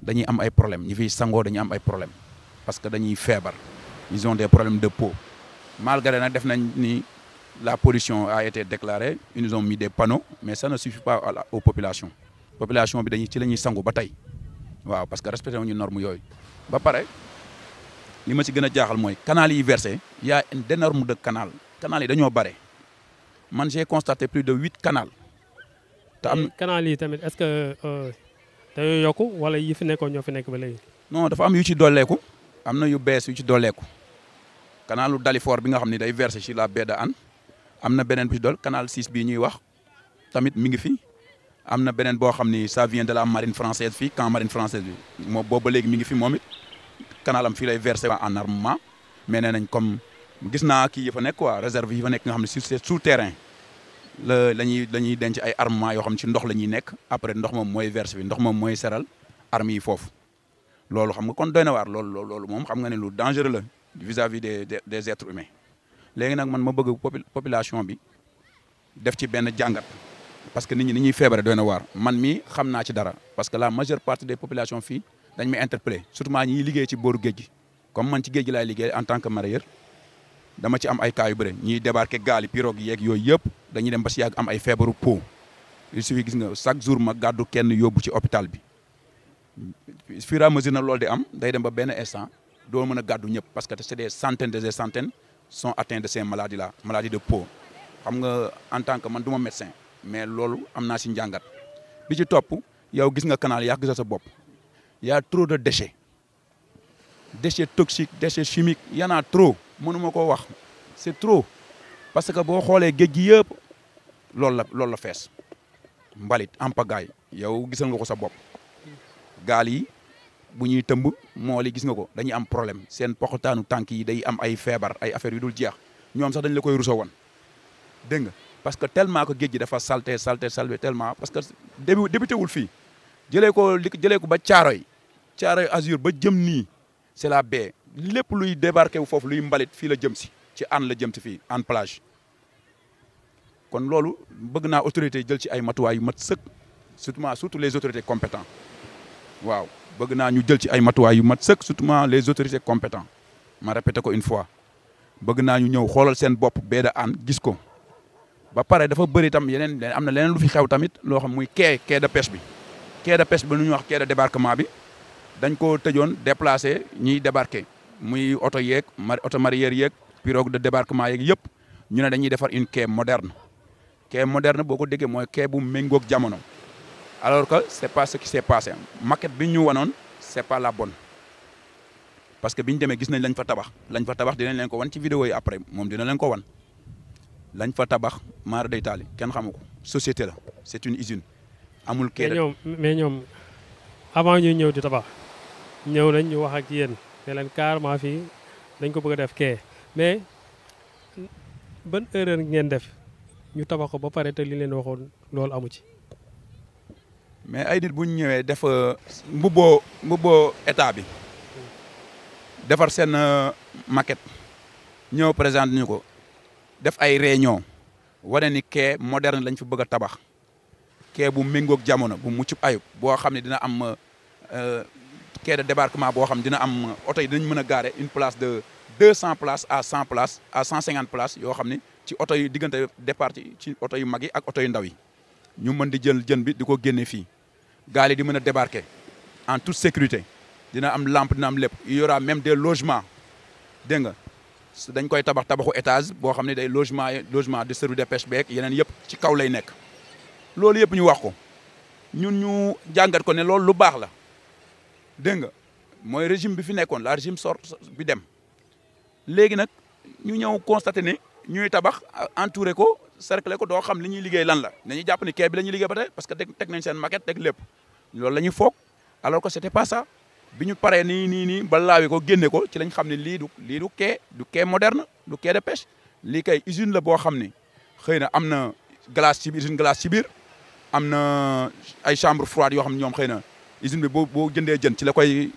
dañuy am ay problème Ils fi sango dañuy am ay problème parce que dañuy fièvre ils ont des problèmes de peau malgré la pollution a été déclarée ils nous ont mis des panneaux mais ça ne suffit pas aux populations population bi dañuy ci lañuy sango ba parce que respecté les normes. yoy ba pare li ma ci gëna canal yi versé y a une énorme de canal canal yi dañoo barrés man j'ai constaté plus de 8 canaux canal est-ce que euh, te yooyu yokku wala yi fi nekkoo ñoo fi nekk ba léegi. non dafa am yu ci dolleeku am na yu bees yu ci dolleeku canal Dalifort bi nga xam ne day versé ci la baie de Hann am na beneen bu ci dool kanaal 6 bi ñuy wax tamit mi ngi fi am na beneen boo xam ni ça vient de la marine française fii camp marine française bi moom boobu ba léegi mi ngi fi moom it canal am fii lay versé en armement mais nee nañ comme gis naa kii yi fa nekk quoi réserve yi fa nekk nga xam ne sur terrain. Le, la ñuy la ñuy denc ay armement yoo xam ci ndox la ñuy après ndox moom mooy verse bi ndox moom mooy seral armes yi foofu loolu xam nga kon doy na waar loolu loolu moom xam nga ne lu dangereux la vis-à-vis des des êtres humains léegi nag man ma bëgg population bi def ci benn jàngat parce que nit ñi ni ñuy feebare doy na man mii xam ci dara parce que la majeure partie des populations fii dañ me interpellé surtout maa ñiy liggéey ci booru géej gi comme man ci géej gi laay en tant que mareyeur dama ci am ay cas yu bëre ñiy débarqué gaal yi pirogue yeeg yooyu yëpp dañuy dem ba si yàgg am ay feebaru peau il suffit gis nga chaque jour ma gàddu kenn yóbbu ci hôpital bi fur et à mesure na loolu di am day dem ba benn instant doo mën a gàddu ñëpp parce que c'est des centaines des centaines sont atteints de ces maladies là maladie de peau xam nga en tant que man du ma médecin mais loolu am naa si njàngat bi ci topp yow gis nga canal yaa gis sa bopp y a trop de déchets déchets toxiques déchets chimiques y en a trop mënuma koo wax c'est trop parce que boo xoolee géej gi yëpp loolu la loolu la fees mbalit en pagaille yow gisal nga ko sa bopp gaal yi bu ñuy tëmb moo yi gis nga ko dañuy am problème seen poxataanu tànk yi day am ay feebar ay affaire yu dul jeex ñoom sax dañu la koy rusa woon dégg nga parce que tellement ko géej gi dafa salter salté salté tellement parce que début débuté wul fii jëlee ko li jëlee ko ba caaro yi Caaroy yi Azur ba jëm nii c'est la baie lépp luy débarquer wu luy mbalit fi la jëm ci ci an la jëm ci fi an plage kon lolu bëgg na autorité jël ci ay matuwa yu mat sëkk surtout surtout les autorités compétents waaw bëgg na ñu jël ci ay matuwa yu mat sëkk surtout les autorités compétents ma répéter ko une fois bëgg na ñu ñëw xolal seen bop bee an gis ko ba paré dafa bëri tam yenen amna lenen lu fi xew tamit lo xam muy quai quai de pêche bi quai de pêche bi ñu wax quai de débarquement bi dañ ko tejon déplacer ñi débarquer muy oto yeeg auto marier yek pirogue de débarquement yek yep ñu né dañuy defar une quai moderne quai moderne boko déggé moy quai bu méngoog jamono alors que c'est pas ce qui s'est passé maquette bi ñu wanoon c'est pas la bonne parce que biñ ñu gis nañ lañ fa tabax lañ fa tabax dinañ leen ko wan ci vidéo yi après mom dinañ leen ko wan lañ fa tabax maar day tali ken xamuko société la c'est une usine amul quai mais ñom mais ñoom avant ñuy ñëw di tabax ñëw nañ ñu wax ak yeen ne leen carrément fii dañ ko bëgg a def kee mais ban erreur ngeen def ñu tabax ko ba pare te li leen waxoon loolu amu ci. mais ay nit bu ñu ñëwee def euh, mbubboo mbubboo état bi defar seen euh, maquette ñëw présente ñu ko def ay réunion wane ni quai moderne lañ fi bëgg a tabax quai bu méngoog jamono bu mucc ayub boo xam ne dina am euh, quai de débarquement bo xam dina am auto yi dinañ mëna garer une place de 200 places à 100 places à 150 places yo xamni ni ci auto yi diggante départ ci auto yu mag ak auto yu ndaw yi ñu mënd di jël jën bi diko génné fi fii yi di mëna débarquer en toute sécurité dina am lampe dina am lépp il y aura même des logements dégg nga dañ koy tabax tabaxu étage bo xamni day logement logement de service de pêche beeg yeneen yëpp ci kaw lay nekk loolu yëpp ñu wax ko ñun ñu jangat ko ne loolu lu baax la dégg nga mooy régime bi fi nekkoon la régime sort bi dem léegi nag ñu ñëw constaté ne ñuy tabax enture ko cerclé ko doo xam ni ñuy liggéey lan la nañu jàpp ni kee bi la ñu liggéey ba tey parce que teg nañ seen maquette teg lépp loolu la ñuy foog alors que c'était pas ça bi ñu paree nii nii nii ba laawi ko génne ko ci lañu xam ne lii du lii du quai du quai moderne du quai de pêche lii kay usine la boo xam ne xëy na am na glace ci usine glace ci am na ay chambre froide yoo xam ne ñoom xëy na usine bi boo boo jëndee jën ci la koy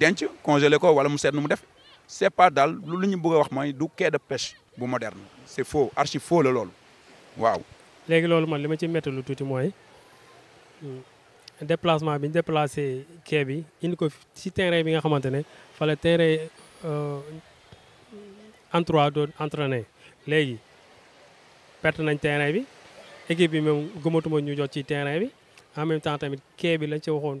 denc congelé ko wala mu seet nu mu def c'est pas daal lu ñu bëgg wax mooy du quai de pêche bu moderne c'est foo archi foo la loolu waaw. léegi loolu man li ma ci métti lu tuuti mooy hmm, déplacement bi déplacé quai bi indi ko ci terrain bi nga xamante ne fa la terrain endroit euh, doon entraîné léegi perte nañ terrain bi équipe bi moom gëmatuma ñu jot ci terrain bi en même temps tamit quai bi lañ ci waxoon.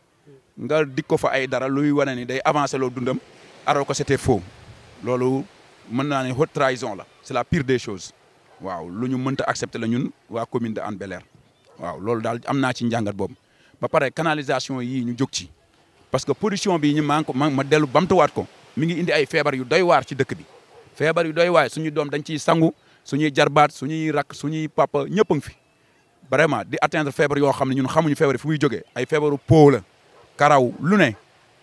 nga dik ko fa ay dara luy wane ni day avancer loo dundam alors que c'était faux loolu mën naa ne haute trahison la c'est la pire des choses waaw lu ñu mënta accepter la ñun waa commune de Hann bel waaw loolu daal am naa ci njàngat boobu ba pare canalisation yii ñu jóg ci parce que pollution bi ñu maa ko ma ma dellu bamtuwaat ko mi ngi indi ay feebar yu doy waar ci dëkk bi feebar yu doy waay suñu doom dañ ciy sangu suñuy jarbaat suñuy rakk suñuy papa ñëpp a ngi fi vraiment di atteindre feebar yoo xam ne ñun xamuñu feebar fu muy jógee ay feebaru po la karaw lu ne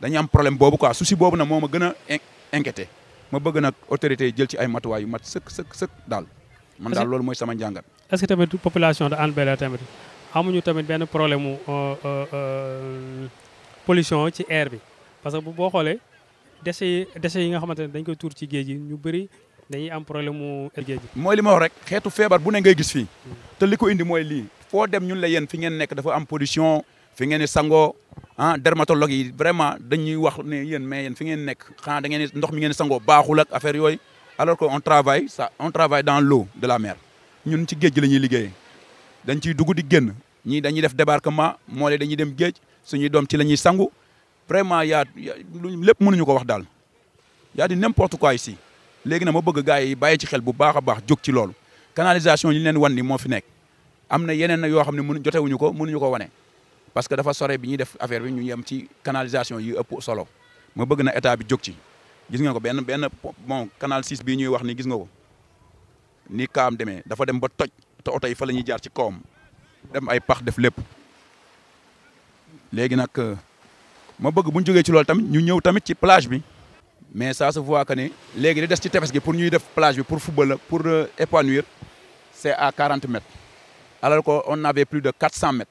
dañu am problème boobu quoi souci boobu nag moo ma gën a inquiété ma bëgg nag autorité yi jël ci ay matuwaay yu mat sëkk sëkk sëkk daal. man daal loolu mooy sama njàngat. est-ce que tamit population de Hann Bel-Air tamit amuñu tamit benn problème mu euh, euh, euh, pollution ci air bi parce que boo xoolee déchets yi déchets yi nga xamante ne dañ koy tuur ci géej gi ñu bëri dañuy am problème mu géej gi. mooy li ma wax rek xeetu feebar bu ne ngay gis fii. Hmm. te li ko indi mooy lii foo dem ñun la yéen fi ngeen nekk dafa am pollution fi ngeen di sangoo. ah dermatologue yi vraiment dañuy wax né yeen mais yéen fi ngeen nek xanaa da ngeen ndox mi ngeen sangoo baxul ak affaire yoy alors que on travaille ça on travaille dans l'eau de la mer ñun ci geej gi la ñuy dañ ciy dugg di génn ñi dañuy def débarquement mo le dañuy dem geej suñuy dom ci lañuy ñuy sangu vraiment ya lepp mënuñu ko wax dal ya di n'importe quoi ici légui na ma bëgg gaay yi bàyyi ci xel bu baaxa baax jóg ci lool canalisation ñu leen wan ni mo fi nekk am na yo xamni xam ne wuñu ko mënuñu ko wané parce que dafa sore bi ñuy def affaire bi ñu yam ci canalisation yu ëpp solo ma bëgg na état bi jóg ci gis nga ko ben ben bon canal 6 bi ñuy wax ni gis nga ko ni kaam démé dafa dem ba toj te auto yi fa lañuy jaar ci kawam dem ay pax def lépp légui nak euh, ma bëgg bu joggé ci lool tamit ñu ñëw tamit ci plage bi mais ça se voit que ne légui di dess ci tefes gi pour ñuy def plage bi pour football pour euh, épanouir c'est à 40 mètres alors qu'on avait plus de 400 mètres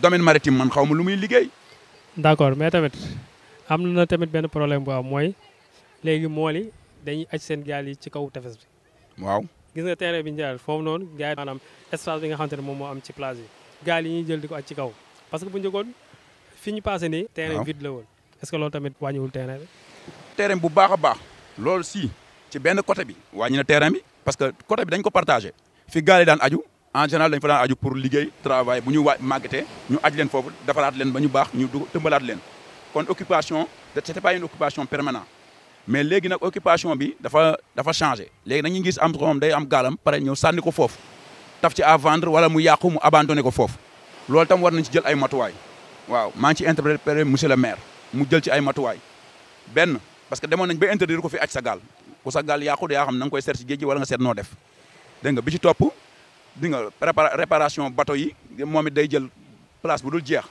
domaine maritime man xaw ma lu muy liggéey. d'accord mais tamit am na tamit benn problème bu am mooy léegi mool yi dañuy aj seen gaal yi ci kaw tefes bi. waaw gis nga terrain bi ñu jaarale foofu noonu gaal maanaam espace bi nga xamante ne moom moo am ci plage yi gaal yi ñuy jël di ko aj ci kaw parce que bu njëkkoon fi ñu passé nii. terrain vide la woon est que loolu tamit wàññiwul terrain bi. terrain bu baax a baax. loolu si ci benn côté bi. wàññi na terrain bi parce que côté bi dañ ko partagé. fi gaal yi daan aju. en général dañ fa daan aju pour liggéey travail bu ñu waaj màggatee ñu aj leen foofu defaraat leen ba ñu baax ñu du tëmbalaat leen kon occupation c'était pas une occupation permanente mais léegi nag occupation bi dafa dafa changé léegi dañuy gis am xom day am gaalam pare ñëw sànni ko foofu taf ci à vendre wala mu yàqu mu abandonné ko foofu loolu tam war nañ ci jël ay matuwaay waaw maa ngi ci interpréter monsieur le maire mu jël ci ay matuwaay benn parce que demoon nañ ba interdire ko fi aj sa gaal ku sa gaal yàqu da yaa xam na nga koy seet si géej gi wala nga seet noo def dégg nga bi ci topp di réparation bateau yi moom day jël place bu dul jeex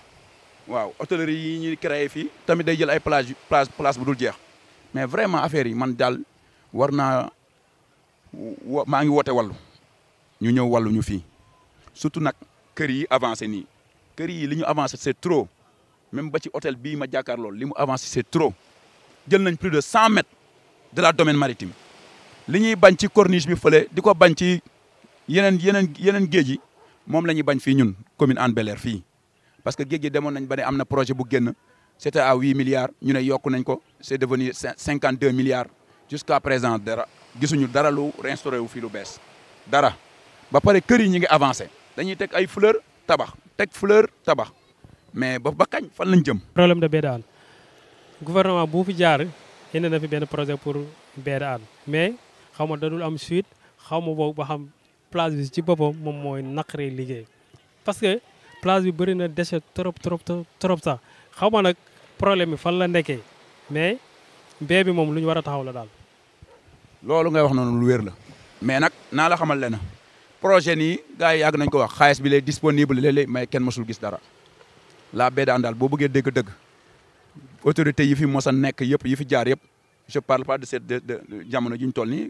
waaw hôtellerie yi ñi créé fi tamit day jël ay plage place place bu dul jeex mais vraiment affaire yi man dal war naa maa ngi woote wàllu ñu ñëw wàllu ñu fii surtout nag kër yi avancé nii kër yi li ñu avancé c'est trop même ba ci hôtel bii ma jàkkaarloo li mu avancé c'est trop jël nañ plus de 100 mètres de la domaine maritime li ñuy bañ ci corniche bi fële di ko bañ ci yeneen yeneen yeneen géej yi moom la ñuy bañ fii ñun commune Hann bel fii parce que géej gi demoon nañ ba ne am na projet bu génn c'était à huit milliards ñu ne yokku nañ ko c'est devenu cinquante deux milliards jusqu'à présent dara gisuñu dara lu restauré wu fii lu bees dara ba pare kër yi ñu ngi avancé dañuy teg ay fleur tabax teg fleur tabax mais ba ba kañ fan lañ jëm. problème de baie de Hann bu fi jaar indi na fi benn projet pour baie mais xaw ma dadul xaw ma boobu ba Place bi ci mon moi parce que place bi na déchet trop trop trop trop ça. problème bi la mais bébé, bi moom ce a taxaw la dal ngay wax mais la xamal projet disponible le mais kenn dara la andal, bo bëggé Si dëgg autorité yi fi mos a yi fi je parle pas de cette de jamono juñ toll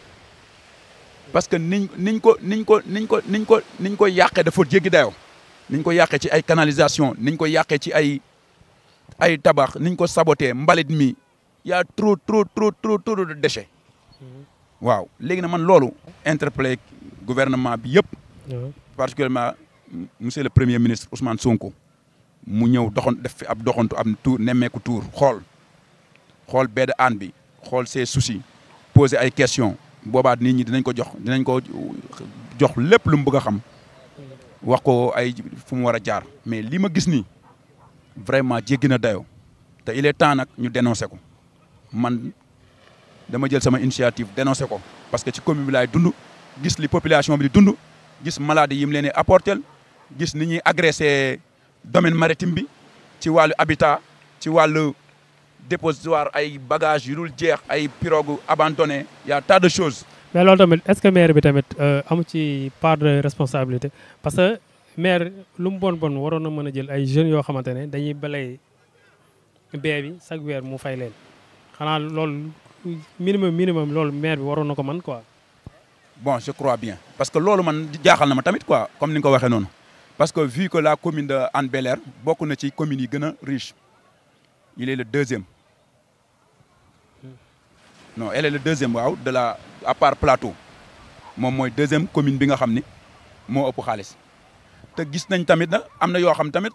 parce que niñ avons ko niñ ko niñ ko niñ ko niñ ko canalisation niñ ko ci ay y a trop trop trop trop de déchets mhm. waaw légui na man gouvernement bi particulièrement monsieur le premier ministre Ousmane Sonko mu ñëw doxon def fi ab doxantu am tour tour soucis poser ay questions boobaa nit ñi dinañ ko jox dinañ ko jox lépp lu mu bëgg a xam wax ko ay fu mu war a jaar mais li ma gis nii vraiment jéggi na dayoo te il est temps nag ñu dénoncé ko man dama jël sama initiative dénoncé ko parce que ci commune bi laay dund gis li population bi di dund gis maladies yim leen di apporter gis ni ñuy agressé domaine maritime bi ci wàllu habitat ci wàllu dépositoire ay bagages yu dul jeex ay pirogues abandonnées y' a tas de choses. mais loolu tamit est ce que maire bi tamit euh, amu ci part de responsabilité parce que maire lu bon bon waroon na mën a jël ay jeunes yoo xamante ne dañuy balay bee bi chaque weer mu fay leen xanaa loolu minimum minimum loolu maire bi waroon na ko quoi. bon je crois bien parce que loolu man jaaxal na ma tamit quoi comme ni nga ko waxee noonu parce que vu que la commune de Hann Bel-Air bokk na ci communes yi gën riche il est le deuxième non elle est le deuxième de la à part Plateau Mon la deuxième commune bi nga xam te gis nañ tamit na xam tamit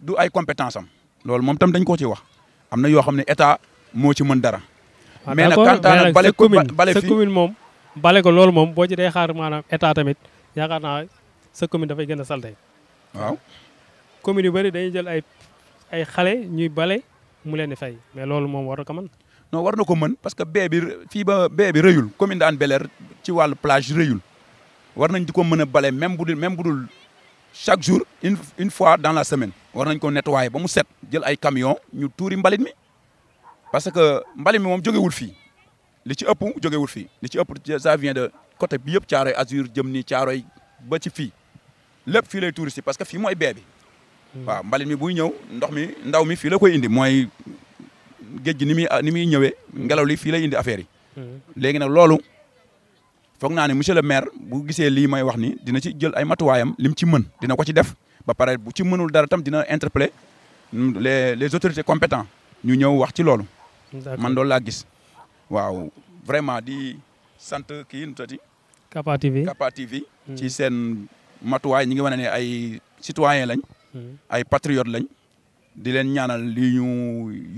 du ay compétence am tam dañ ko ci wax amna ah, mais bale commune, commune mom, balé ko mom bo ci xaar état tamit commune est fay a waaw commune bari jël ay ay ñuy bale mu leen fay mais loolu mom non war ko parce que bee bi fii ba bee bi commune de belair ci plage même même chaque jour une fois dans la semaine war nañ ko nettoyer ba mu set jël ay camion ñu tuuri mbalit mi parce que mbalit mi moom jógewul fii li ci ëpp jógewul fii li ci ëpp ça vient de côté bi yëpp caaroy azur jëm ni caaroy ba ci fii parce que fii mooy bee bi hmm. mi buy ñëw ndox mi ndaw mi geej ni mi ni mi ñëwé ngelaw li fi lay indi affaire yi. Hmm. légui nak loolu fokk naa ne monsieur le maire bu gisee lii may wax ni dina ci jël ay matuwaayam lim ci mën dina ko ci def ba pare bu ci mënul dara tam dina interpeller les les autorités compétents ñu ñëw wax ci loolu. man loolu laa gis. waaw vraiment di sant kii nu tati Capa TV Capa TV hmm. ci seen matuwaay ñi ngi wane ne ay citoyens lañ. Hmm. ay patriotes lañ. di leen ñaanal lii ñu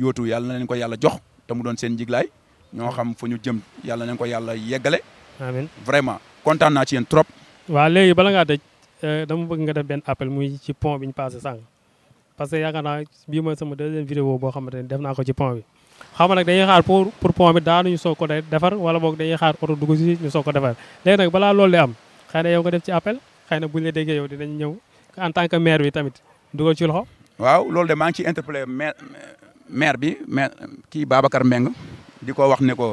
yóotu yàlla na leen ko yàlla jox te mu doon seen njiglaay ñoo xam fu ñu jëm yàlla na leen ko yàlla yeggale. amiin vraiment kontaan naa ci yéen trop. waa léegi bala ngaa tëj euh, dama bëgg nga def benn appel muy ci pont bi ñu passé sànq parce que yaakaar naa bii mooy sama deuxième vidéo boo xamante ne def naa ko ci pont bi. xam nga nag dañuy xaar pour pour pont bi daanuñu soog ko defar wala boog dañuy xaar oto dugg si ñu soog ko defar léegi nag balaa loolu di am xëy na yow nga def ci appel xëy na buñ la déggee yow dinañ ñëw en tant que maire bi tamit dugal ci loxo waaw loolu de maa ngi ciy interpellé maire bi maire kii Babacar Mbengue di ko wax ne ko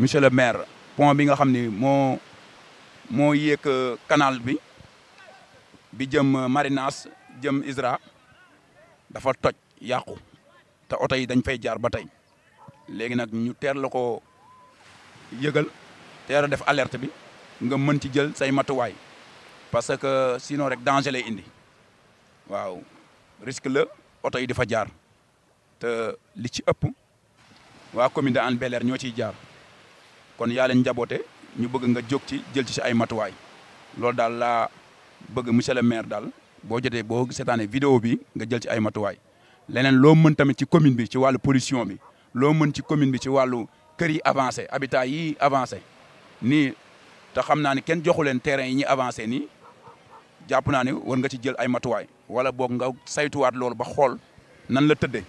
monsieur le maire pont bi nga xam ni moo moo yéeg euh, canal bi bi jëm euh, Marinas jëm ISRA dafa toj yàqu te oto yi dañ fay jaar ba tey léegi nag ñu teel la ko yëgal teel a def alerte bi nga mën ci jël say matuwaay parce que sinon rek danger lay indi waaw risque la oto yi dafa jaar te li ci ëpp waa commune de Hann bel ñoo ciy jaar kon yaa njaboote ñu bëgg nga jóg ci jël ci si ay matuwaay loolu daal la bëgg monsieur le maire daal boo jotee boo seetaanee vidéo bi nga jël ci ay matuwaay leneen loo mën tamit ci commune bi ci wàllu pollution bi loo mën ci commune bi ci wàllu kër yi avancé habitat yii avancé nii te xam naa ni kenn joxu leen terrain yi ñuy avancé nii jàpp naa ni war nga ci jël ay matuwaay wala bok nga wat loolu ba xol nan la tëddee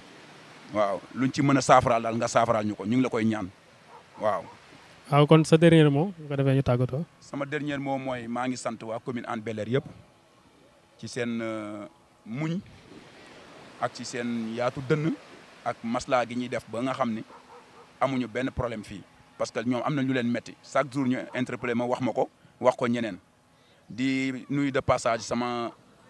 waaw luñ ci meuna a dal nga saafaraal ñuko ko la koy ñaan waaw. waaw kon sa dernier mot nga defé ñu tàggatoo. sama dernier mot moy ma ngi sante wa commune Hann beler ci sen euh, muñ ak ci sen yaatu deun ak masla gi ñi def ba nga xamni amuñu ben problème fi parce que ñom amna ñu leen metti chaque jour ñu interpeller ma wax mako wax ko ñeneen di nuyu de passage sama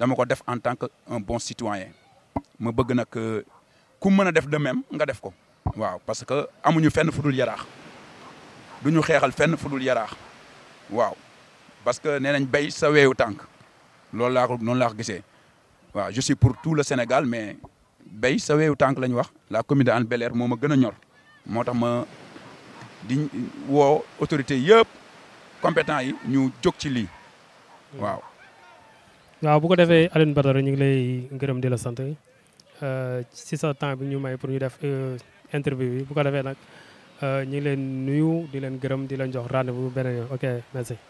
dama ko def en tant que un bon citoyen ma bëgg nak euh, ku mën def de même nga def ko. waaw parce que amuñu fenn fudul yaraax duñu xéxal fenn fudul yaraax waaw parce que nenañ bay sa weewu tank lool la non la laa waaw je suis pour tout le Sénégal mais bay sa weewu tank lañ wax la commune de Hann Bel-Air moo ma ñor motax ma di wo autorité yépp compétent yi ñu jóg ci li waaw. waaw bu ko defee Alioune Badara ñu ngi lay gërëm di la sant si euh, sa temps bi ñu may pour ñu def euh, interview bi bu ko defee nag euh, ñu ngi leen nuyu di leen gërëm di leen jox rendez-vous beneen yoon ok merci.